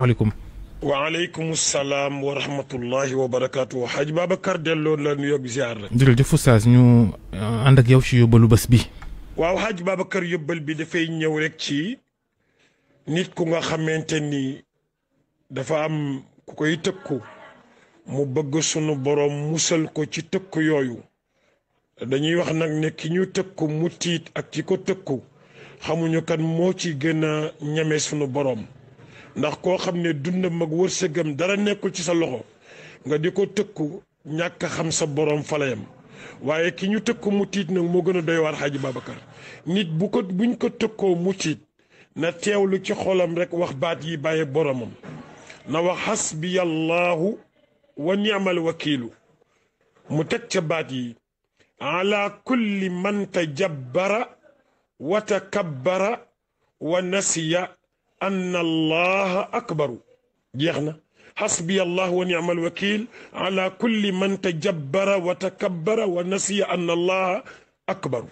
waaleykum waaleykum salaam wa rahmatullahi wa barakaatu xaj Babacar delloo la nuyoo ak ziar la. jërëjëf Oustaz ñu uh, ànd yow ci yóbbalu bés bi. waaw xaj Babacar yóbbal bi dafay ñëw rekk ci nit ku nga xamante ni dafa am ku koy tëkku mu bëgg sunu boroom musal ko ci tëkku yooyu dañuy wax nag ne ki ñu tëkku mu tiit ak ki ko tëkku xamuñu kan moo ci gën a ñeme sunu boroom. ndax koo xam ne dundam ak wërsëgam dara nekkul ci sa loxo nga di ko tëkku ñàkk a xam sa borom falayam waaye ki ñu tëkku mu tiit nag moo gën a doy waar xaaji Babacar nit bu ko buñ ko tëkkoo mu tiit na teewlu ci xolam rekk wax baat yi bàyyi boromam na wax xasbiyallahu wa ni'mal wakiilu mu teg ca baat yi ala kulli man tajabbara wa takabbara wa nasiya anna allaha akbaru jeex na xasbiya allah wa nicma alwakil ala kulli man tajabbara wa takabbara wa nasiya anna allaha akbaru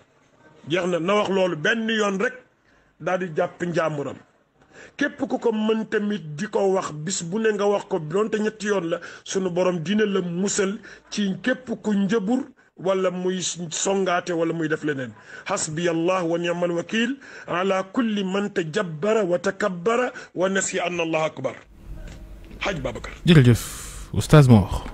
jeex na na wax loolu benn yoon rekk daal jàpp njaamuram képp ku ko mën tamit di ko wax bis bu ne nga wax ko doonte ñetti yoon la sunu borom dina la musal ci képp ku njëbur ولا موي سونغاتي ولا موي داف لنين حسبي الله ونعم الوكيل على كل من تجبر وتكبر ونسي ان الله اكبر حاج بابكر جيل استاذ مور